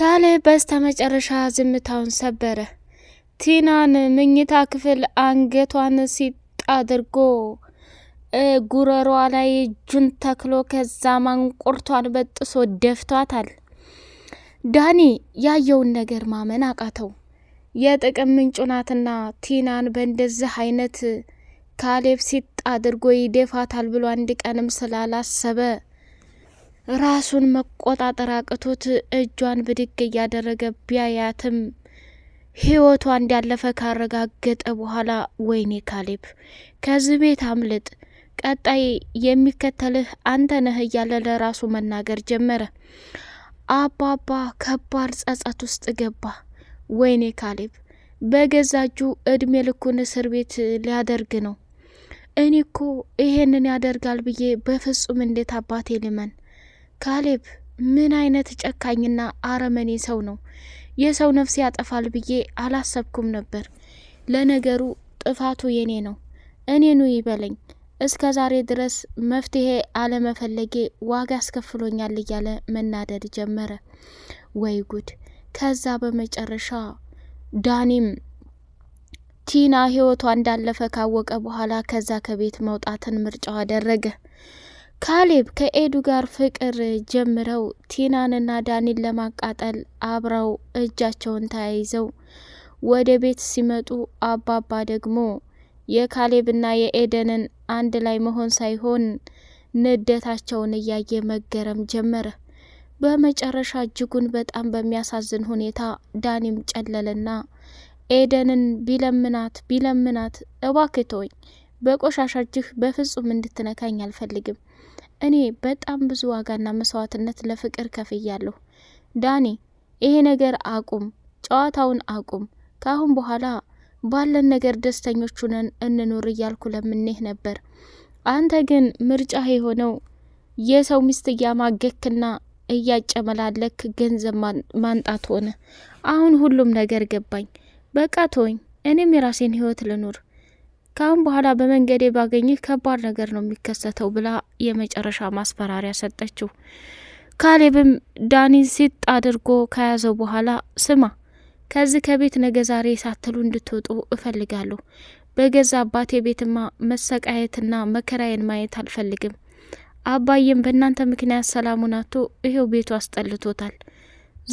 ካሌብ በስተመጨረሻ ዝምታውን ሰበረ። ቲናን መኝታ ክፍል አንገቷን ሲጥ አድርጎ ጉረሯ ላይ እጁን ተክሎ ከዛ ማንቁርቷን በጥሶ ደፍቷታል። ዳኒ ያየውን ነገር ማመን አቃተው። የጥቅም ምንጩ ናትና ቲናን በእንደዚህ አይነት ካሌብ ሲጥ አድርጎ ይደፋታል ብሎ አንድ ቀንም ስላላሰበ ራሱን መቆጣጠር አቅቶት እጇን ብድግ እያደረገ ቢያያትም ህይወቷ እንዳለፈ ካረጋገጠ በኋላ ወይኔ ካሌብ ከዚህ ቤት አምልጥ፣ ቀጣይ የሚከተልህ አንተ ነህ እያለ ለራሱ መናገር ጀመረ። አባባ ከባድ ጸጸት ውስጥ ገባ። ወይኔ ካሌብ በገዛ እጁ እድሜ ልኩን እስር ቤት ሊያደርግ ነው። እኔ እኮ ይሄንን ያደርጋል ብዬ በፍጹም እንዴት አባቴ ልመን ካሌብ ምን አይነት ጨካኝና አረመኔ ሰው ነው! የሰው ነፍስ ያጠፋል ብዬ አላሰብኩም ነበር። ለነገሩ ጥፋቱ የኔ ነው። እኔኑ ይበለኝ። እስከ ዛሬ ድረስ መፍትሄ አለመፈለጌ ዋጋ አስከፍሎኛል እያለ መናደድ ጀመረ። ወይ ጉድ! ከዛ በመጨረሻ ዳኒም ቲና ህይወቷ እንዳለፈ ካወቀ በኋላ ከዛ ከቤት መውጣትን ምርጫው አደረገ። ካሌብ ከኤዱ ጋር ፍቅር ጀምረው ቲናንና ዳኒን ለማቃጠል አብረው እጃቸውን ተያይዘው ወደ ቤት ሲመጡ አባባ ደግሞ የካሌብና የኤደንን አንድ ላይ መሆን ሳይሆን ንዴታቸውን እያየ መገረም ጀመረ። በመጨረሻ እጅጉን በጣም በሚያሳዝን ሁኔታ ዳኒም ጨለለና ኤደንን ቢለምናት ቢለምናት እባክህ ተወኝ፣ በቆሻሻ እጅህ በፍጹም እንድትነካኝ አልፈልግም እኔ በጣም ብዙ ዋጋና መስዋዕትነት ለፍቅር ከፍያለሁ። ዳኒ ይሄ ነገር አቁም፣ ጨዋታውን አቁም። ከአሁን በኋላ ባለን ነገር ደስተኞች ሆነን እንኖር እያልኩ ለምኔህ ነበር። አንተ ግን ምርጫ የሆነው የሰው ሚስት እያማገክና እያጨመላለክ ገንዘብ ማንጣት ሆነ። አሁን ሁሉም ነገር ገባኝ። በቃ ተወኝ፣ እኔም የራሴን ህይወት ልኑር። ከአሁን በኋላ በመንገዴ ባገኝህ ከባድ ነገር ነው የሚከሰተው ብላ የመጨረሻ ማስፈራሪያ ሰጠችው። ካሌብም ዳኒን ሲጥ አድርጎ ከያዘው በኋላ ስማ፣ ከዚህ ከቤት ነገ ዛሬ ሳትሉ እንድትወጡ እፈልጋለሁ። በገዛ አባቴ ቤትማ መሰቃየትና መከራዬን ማየት አልፈልግም። አባዬም በእናንተ ምክንያት ሰላሙን አቶ ይሄው ቤቱ አስጠልቶታል።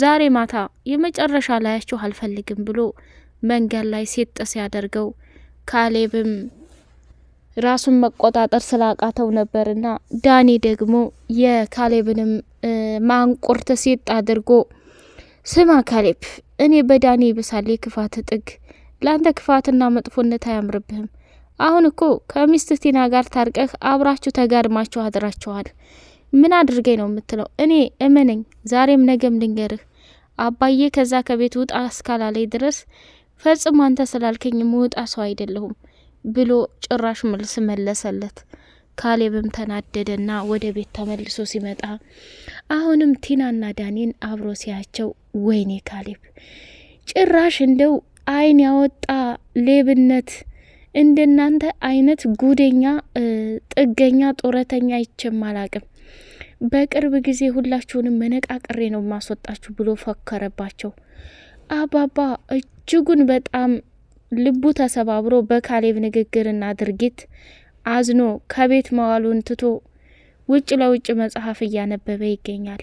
ዛሬ ማታ የመጨረሻ ላያችሁ አልፈልግም ብሎ መንገድ ላይ ሲጥ ሲያደርገው ካሌብም ራሱን መቆጣጠር ስላቃተው ነበርና ዳኒ ደግሞ የካሌብንም ማንቁርት ሲጥ አድርጎ ስማ ካሌብ፣ እኔ በዳኒ ይብሳል የክፋት ጥግ። ለአንተ ክፋትና መጥፎነት አያምርብህም። አሁን እኮ ከሚስት ቲና ጋር ታርቀህ አብራችሁ ተጋድማችሁ አድራችኋል። ምን አድርገኝ ነው የምትለው? እኔ እመነኝ፣ ዛሬም ነገም ልንገርህ፣ አባዬ ከዛ ከቤት ውጣ እስካላለኝ ድረስ ፈጽሞ አንተ ስላልከኝ መውጣ ሰው አይደለሁም ብሎ ጭራሽ መልስ መለሰለት። ካሌብም ተናደደና ወደ ቤት ተመልሶ ሲመጣ አሁንም ቲናና ዳኒን አብሮ ሲያቸው ወይኔ ካሌብ ጭራሽ እንደው አይን ያወጣ ሌብነት እንደናንተ አይነት ጉደኛ፣ ጥገኛ፣ ጦረተኛ አይቼም አላቅም። በቅርብ ጊዜ ሁላችሁንም መነቃቅሬ ነው ማስወጣችሁ ብሎ ፈከረባቸው። አባባ እጅጉን በጣም ልቡ ተሰባብሮ በካሌብ ንግግርና ድርጊት አዝኖ ከቤት መዋሉን ትቶ ውጭ ለውጭ መጽሐፍ እያነበበ ይገኛል።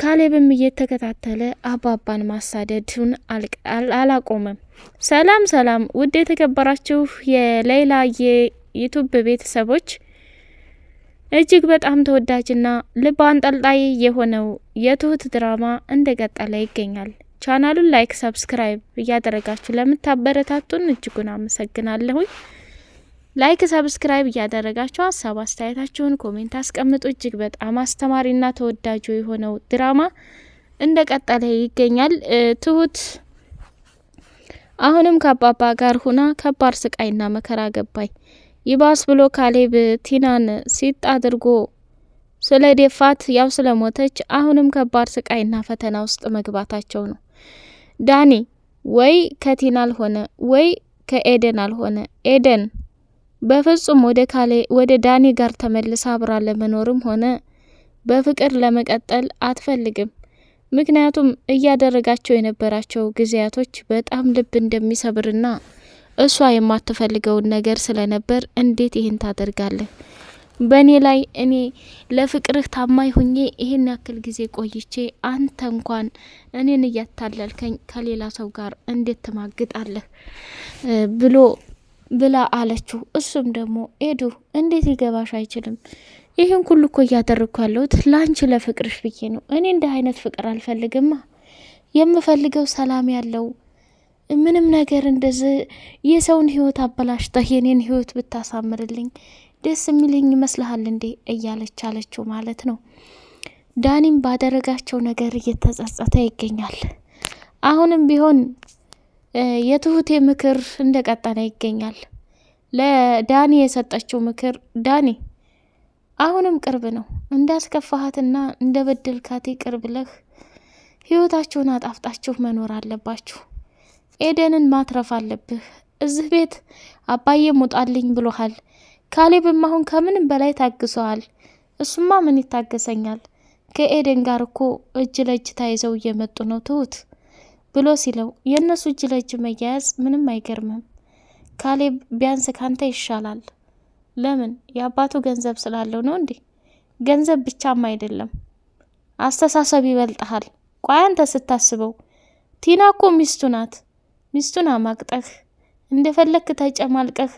ካሌብም እየተከታተለ አባባን ማሳደዱን አላቆመም። ሰላም ሰላም! ውድ የተከበራችሁ የሌላ የዩቱብ ቤተሰቦች እጅግ በጣም ተወዳጅና ልብ አንጠልጣይ የሆነው የትሁት ድራማ እንደ ቀጠለ ይገኛል። ቻናሉን ላይክ፣ ሰብስክራይብ እያደረጋችሁ ለምታበረታቱን እጅጉን አመሰግናለሁኝ። ላይክ ሰብስክራይብ እያደረጋችሁ ሀሳብ አስተያየታችሁን ኮሜንት አስቀምጡ። እጅግ በጣም አስተማሪና ተወዳጁ የሆነው ድራማ እንደ ቀጠለ ይገኛል። ትሁት አሁንም ከአባባ ጋር ሁና ከባድ ስቃይና መከራ ገባይ ይባስ ብሎ ካሌብ ቲናን ሲጥ አድርጎ ስለ ደፋት ያው ስለሞተች አሁንም ከባድ ስቃይና ፈተና ውስጥ መግባታቸው ነው። ዳኒ ወይ ከቲና አልሆነ ወይ ከኤደን አልሆነ። ኤደን በፍጹም ወደ ካሌ ወደ ዳኒ ጋር ተመልሳ አብራ ለመኖርም ሆነ በፍቅር ለመቀጠል አትፈልግም። ምክንያቱም እያደረጋቸው የነበራቸው ጊዜያቶች በጣም ልብ እንደሚሰብርና እሷ የማትፈልገውን ነገር ስለነበር እንዴት ይህን ታደርጋለህ? በእኔ ላይ እኔ ለፍቅርህ ታማኝ ሁኜ ይሄን ያክል ጊዜ ቆይቼ አንተ እንኳን እኔን እያታለልከኝ ከሌላ ሰው ጋር እንዴት ትማግጣለህ? ብሎ ብላ አለችው። እሱም ደግሞ ኤዱ እንዴት ሊገባሽ አይችልም ይህን ሁሉ እኮ እያደረግኩ ያለሁት ለአንቺ ለፍቅርሽ ብዬ ነው። እኔ እንዲህ አይነት ፍቅር አልፈልግማ። የምፈልገው ሰላም ያለው ምንም ነገር እንደዚህ የሰውን ህይወት አበላሽተህ የኔን ህይወት ብታሳምርልኝ ደስ የሚልኝ ይመስልሃል እንዴ እያለች አለችው ማለት ነው። ዳኒም ባደረጋቸው ነገር እየተጸጸተ ይገኛል። አሁንም ቢሆን የትሁቴ ምክር እንደ ይገኛል። ለዳኒ የሰጠችው ምክር ዳኒ አሁንም ቅርብ ነው እንዳስከፋሃትና እንደ በደልካቴ ቅርብ ለህ ህይወታችሁን አጣፍጣችሁ መኖር አለባችሁ። ኤደንን ማትረፍ አለብህ። እዚህ ቤት አባዬ ሙጣልኝ ብሎሃል። ካሌብም አሁን ከምንም በላይ ታግሰዋል። እሱማ ምን ይታገሰኛል? ከኤደን ጋር እኮ እጅ ለእጅ ተያይዘው እየመጡ ነው ትሁት ብሎ ሲለው የእነሱ እጅ ለእጅ መያያዝ ምንም አይገርምም። ካሌብ ቢያንስ ካንተ ይሻላል። ለምን? የአባቱ ገንዘብ ስላለው ነው እንዴ? ገንዘብ ብቻም አይደለም፣ አስተሳሰብ ይበልጠሃል? ቆይ አንተ ስታስበው ቲና እኮ ሚስቱ ናት። ሚስቱን አማቅጠህ እንደፈለግክ ተጨማልቀህ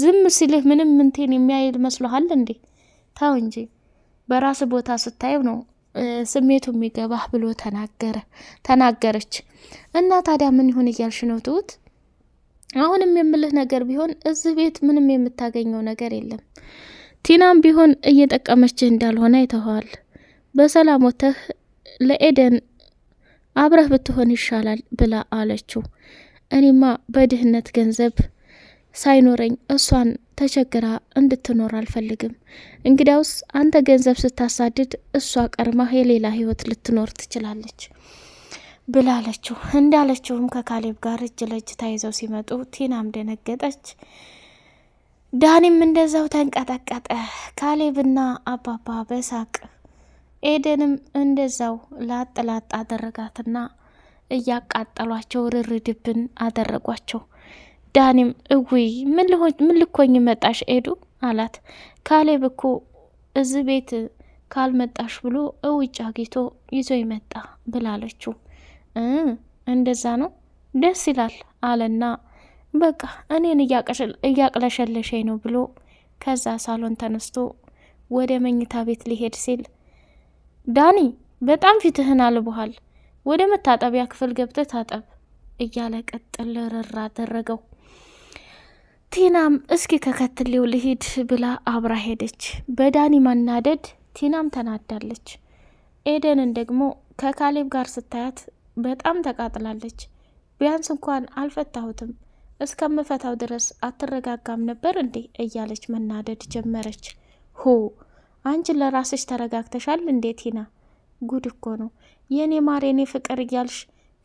ዝም ሲልህ ምንም ምንቴን የሚያይል መስሎሃል እንዴ? ታው እንጂ በራስ ቦታ ስታየው ነው ስሜቱ የሚገባህ ብሎ ተናገረ ተናገረች። እና ታዲያ ምን ይሁን እያልሽ ነው ትሁት? አሁንም የምልህ ነገር ቢሆን እዚህ ቤት ምንም የምታገኘው ነገር የለም። ቲናም ቢሆን እየጠቀመችህ እንዳልሆነ አይተኸዋል። በሰላም ወተህ ለኤደን አብረህ ብትሆን ይሻላል ብላ አለችው። እኔማ በድህነት ገንዘብ ሳይኖረኝ እሷን ተቸግራ እንድትኖር አልፈልግም። እንግዲያውስ አንተ ገንዘብ ስታሳድድ እሷ ቀርማ የሌላ ህይወት ልትኖር ትችላለች ብላለችው። እንዳለችውም ከካሌብ ጋር እጅ ለእጅ ተያይዘው ሲመጡ ቲናም ደነገጠች። ዳኒም እንደዛው ተንቀጠቀጠ። ካሌብና አባባ በሳቅ ኤደንም እንደዛው ላጥ ላጥ አደረጋትና እያቃጠሏቸው ርርድብን አደረጓቸው። ዳኒም እውይ ምን ልኮኝ መጣሽ ኤዱ አላት። ካሌብ እኮ እዚህ ቤት ካልመጣሽ ብሎ እውጭ አግኝቶ ይዞ ይመጣ ብላለችው። እንደዛ ነው ደስ ይላል አለና በቃ እኔን እያቅለሸለሸኝ ነው ብሎ ከዛ ሳሎን ተነስቶ ወደ መኝታ ቤት ሊሄድ ሲል ዳኒ በጣም ፊትህን አልቦሃል፣ ወደ መታጠቢያ ክፍል ገብተህ ታጠብ እያለ ቀጥል ርር አደረገው። ቲናም እስኪ ከከትሌው ልሂድ ብላ አብራ ሄደች። በዳኒ መናደድ ቲናም ተናዳለች። ኤደንን ደግሞ ከካሌብ ጋር ስታያት በጣም ተቃጥላለች። ቢያንስ እንኳን አልፈታሁትም እስከምፈታው ድረስ አትረጋጋም ነበር እንዴ እያለች መናደድ ጀመረች። ሆ አንቺን ለራስሽ ተረጋግተሻል እንዴ ቲና? ጉድ እኮ ነው የኔ ማር የኔ ፍቅር እያልሽ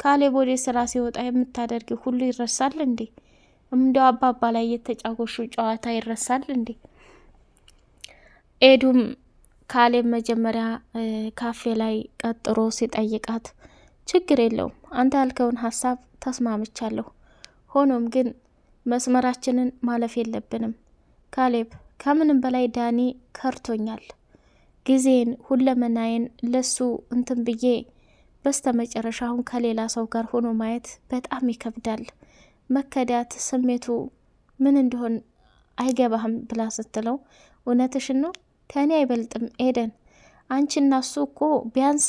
ካሌብ ወደ ስራ ሲወጣ የምታደርጊ ሁሉ ይረሳል እንዴ? እንደው አባባ ላይ የተጫወሹ ጨዋታ ይረሳል እንዴ? ኤዱም ካሌብ መጀመሪያ ካፌ ላይ ቀጥሮ ሲጠይቃት ችግር የለውም አንተ ያልከውን ሀሳብ ተስማምቻለሁ፣ ሆኖም ግን መስመራችንን ማለፍ የለብንም ካሌብ፣ ከምንም በላይ ዳኒ ከርቶኛል። ጊዜን ሁለመናዬን ለሱ እንትን ብዬ በስተ መጨረሻ አሁን ከሌላ ሰው ጋር ሆኖ ማየት በጣም ይከብዳል። መከዳት ስሜቱ ምን እንደሆን አይገባህም ብላ ስትለው እውነትሽ ነው ከእኔ አይበልጥም ኤደን አንቺ እና እሱ እኮ ቢያንስ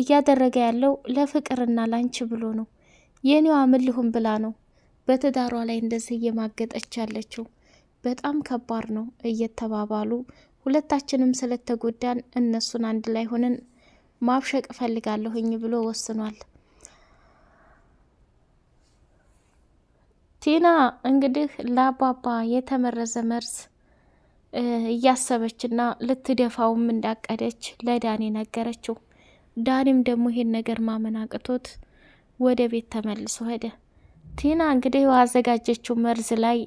እያደረገ ያለው ለፍቅርና ላንቺ ብሎ ነው። የኔዋ ምን ልሁን ብላ ነው በትዳሯ ላይ እንደዚህ እየማገጠች ያለችው። በጣም ከባድ ነው እየተባባሉ ሁለታችንም ስለተጎዳን እነሱን አንድ ላይ ሆነን ማብሸቅ እፈልጋለሁኝ ብሎ ወስኗል። ቲና እንግዲህ ለአባባ የተመረዘ መርዝ እያሰበችና ልትደፋውም እንዳቀደች ለዳኔ ነገረችው። ዳኔም ደግሞ ይሄን ነገር ማመን አቅቶት ወደ ቤት ተመልሶ ሄደ። ቲና እንግዲህ ባዘጋጀችው መርዝ ላይ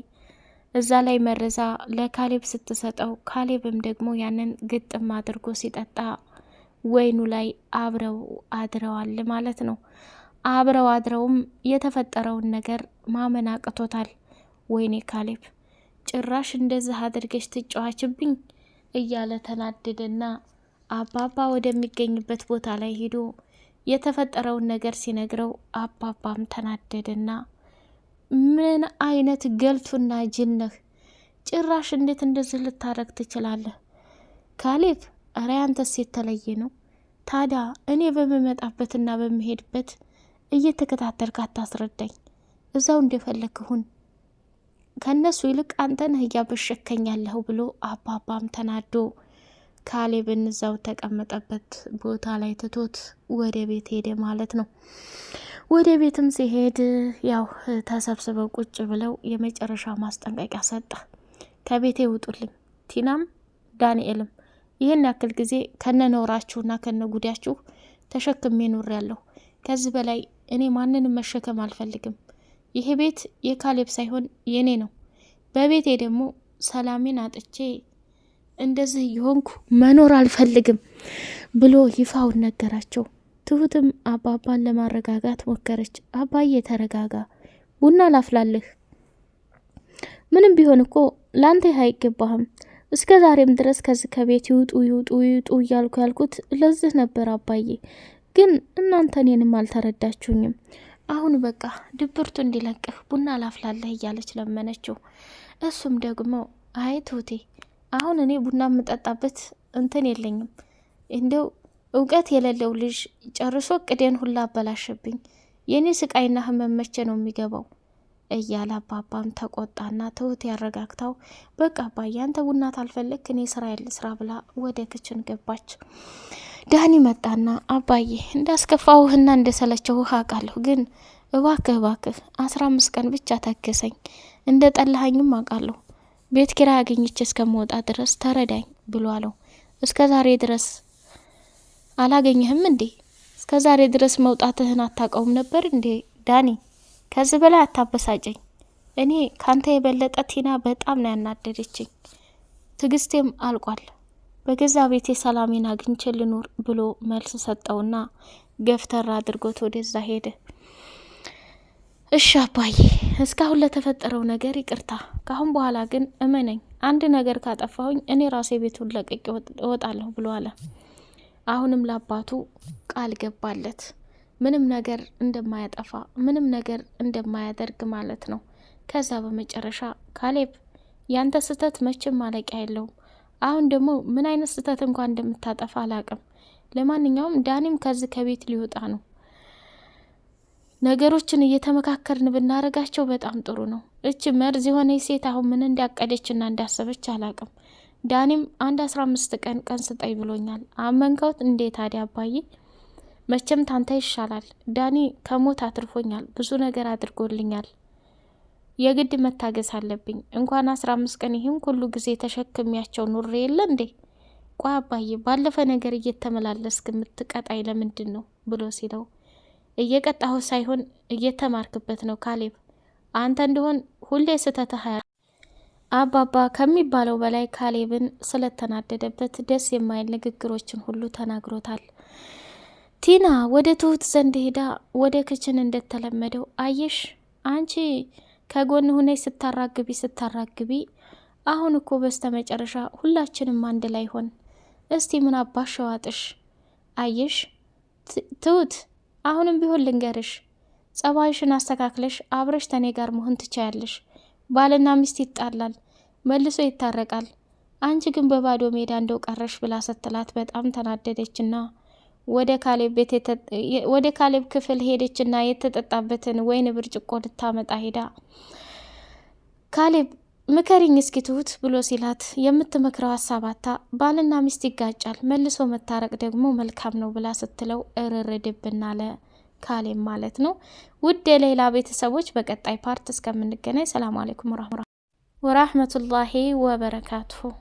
እዛ ላይ መረዛ ለካሌብ ስትሰጠው፣ ካሌብም ደግሞ ያንን ግጥም አድርጎ ሲጠጣ ወይኑ ላይ አብረው አድረዋል ማለት ነው። አብረው አድረውም የተፈጠረውን ነገር ማመን አቅቶታል። ወይኔ ካሌብ ጭራሽ እንደዚህ አድርገሽ ትጫዋችብኝ እያለ ተናደደና አባባ ወደሚገኝበት ቦታ ላይ ሄዶ የተፈጠረውን ነገር ሲነግረው አባባም ተናደደና ምን አይነት ገልቱና ጅን ነህ? ጭራሽ እንዴት እንደዚህ ልታረግ ትችላለህ? ካሌብ ኧረ የተለየ ነው። ታዲያ እኔ በምመጣበትና በምሄድበት እየተከታተልክ አታስረዳኝ። እዛው እንደፈለግሁን ከእነሱ ይልቅ አንተ ነህ እያበሸከኛለሁ ብሎ አባባም ተናዶ ካሌብን እዛው ተቀመጠበት ቦታ ላይ ትቶት ወደ ቤት ሄደ ማለት ነው። ወደ ቤትም ሲሄድ ያው ተሰብስበው ቁጭ ብለው የመጨረሻ ማስጠንቀቂያ ሰጠ። ከቤቴ ይውጡልኝ፣ ቲናም ዳንኤልም ይህን ያክል ጊዜ ከነ ነውራችሁና ከነ ጉዳያችሁ ተሸክሜ ከዚህ በላይ እኔ ማንንም መሸከም አልፈልግም። ይሄ ቤት የካሌብ ሳይሆን የኔ ነው። በቤቴ ደግሞ ሰላሜን አጥቼ እንደዚህ የሆንኩ መኖር አልፈልግም ብሎ ይፋውን ነገራቸው። ትሁትም አባባን ለማረጋጋት ሞከረች። አባዬ ተረጋጋ፣ ቡና ላፍላልህ። ምንም ቢሆን እኮ ለአንተ ይህ አይገባህም። እስከ ዛሬም ድረስ ከዚህ ከቤት ይውጡ ይውጡ ይውጡ እያልኩ ያልኩት ለዚህ ነበር አባዬ። ግን እናንተ እኔንም አልተረዳችሁኝም። አሁን በቃ ድብርቱ እንዲለቅህ ቡና ላፍላለህ እያለች ለመነችው። እሱም ደግሞ አይ ትሁቴ፣ አሁን እኔ ቡና የምጠጣበት እንትን የለኝም እንደው እውቀት የሌለው ልጅ ጨርሶ ቅዴን ሁላ አበላሸብኝ። የእኔ ስቃይና ህመም መቼ ነው የሚገባው? እያለ አባባም ተቆጣና ትሁት ያረጋግታው። በቃ አባዬ አንተ ቡና ታልፈለግ እኔ ስራ ያለ ስራ ብላ ወደ ክችን ገባች። ዳኒ መጣና አባዬ እንዳስከፋውህና ውሃ አውቃለሁ፣ ግን እባክህ እባክህ አስራ አምስት ቀን ብቻ ታገሰኝ፣ እንደ ጠላሃኝም አውቃለሁ። ቤት ኪራይ አገኝቼ እስከመውጣ ድረስ ተረዳኝ ብሎ አለው። እስከ ዛሬ ድረስ አላገኘህም እንዴ? እስከ ዛሬ ድረስ መውጣትህን አታውቀውም ነበር እንዴ? ዳኒ ከዚህ በላይ አታበሳጨኝ። እኔ ካንተ የበለጠ ቲና በጣም ነው ያናደደችኝ። ትግስቴም አልቋል። በገዛ ቤቴ ሰላሜን አግኝቼ ልኑር ብሎ መልስ ሰጠውና ገፍተራ አድርጎት ወደዛ ሄደ። እሺ አባዬ፣ እስካሁን ለተፈጠረው ነገር ይቅርታ። ካሁን በኋላ ግን እመነኝ፣ አንድ ነገር ካጠፋሁኝ እኔ ራሴ ቤቱን ለቅቄ እወጣለሁ ብሎ አለ። አሁንም ለአባቱ ቃል ገባለት፣ ምንም ነገር እንደማያጠፋ ምንም ነገር እንደማያደርግ ማለት ነው። ከዛ በመጨረሻ ካሌብ ያንተ ስህተት መቼም ማለቂያ የለውም አሁን ደግሞ ምን አይነት ስህተት እንኳን እንደምታጠፋ አላቅም። ለማንኛውም ዳኒም ከዚህ ከቤት ሊወጣ ነው። ነገሮችን እየተመካከርን ብናደርጋቸው በጣም ጥሩ ነው። እች መርዝ የሆነ ሴት አሁን ምን እንዳቀደችና እንዳሰበች አላቅም። ዳኒም አንድ አስራ አምስት ቀን ቀን ስጠኝ ብሎኛል። አመንከውት እንዴ ታዲያ አባዬ? መቼም ታንተ ይሻላል። ዳኒ ከሞት አትርፎኛል፣ ብዙ ነገር አድርጎልኛል። የግድ መታገስ አለብኝ። እንኳን አስራ አምስት ቀን ይህም ሁሉ ጊዜ ተሸክሚያቸው ኑሬ የለ እንዴ? ቋ አባዬ፣ ባለፈ ነገር እየተመላለስክ የምትቀጣይ ለምንድን ነው ብሎ ሲለው እየቀጣሁ ሳይሆን እየተማርክበት ነው ካሌብ። አንተ እንደሆን ሁሌ ስተትህ አባባ ከሚባለው በላይ ካሌብን ስለተናደደበት ደስ የማይል ንግግሮችን ሁሉ ተናግሮታል። ቲና ወደ ትሁት ዘንድ ሄዳ ወደ ክችን እንደተለመደው አየሽ አንቺ ከጎን ሁነሽ ስታራግቢ ስታራግቢ አሁን እኮ በስተ መጨረሻ ሁላችንም አንድ ላይ ሆን። እስቲ ምን አባሽ ሸዋጥሽ አየሽ ትሁት፣ አሁንም ቢሆን ልንገርሽ፣ ጸባይሽን አስተካክለሽ አብረሽ ተኔ ጋር መሆን ትቻያለሽ። ባልና ሚስት ይጣላል፣ መልሶ ይታረቃል። አንቺ ግን በባዶ ሜዳ እንደው ቀረሽ ብላ ስትላት በጣም ተናደደችና ወደ ካሌብ ክፍል ሄደችና የተጠጣበትን ወይን ብርጭቆ ልታመጣ ሄዳ ካሌብ ምከሪኝ እስኪ ትሁት ብሎ ሲላት የምትመክረው ሀሳባታ ባልና ሚስት ይጋጫል፣ መልሶ መታረቅ ደግሞ መልካም ነው ብላ ስትለው እርር ድብና አለ ካሌብ ማለት ነው። ውድ የሌላ ቤተሰቦች በቀጣይ ፓርት እስከምንገናኝ ሰላም አሌይኩም ወራህመቱላሂ ወበረካቱሁ።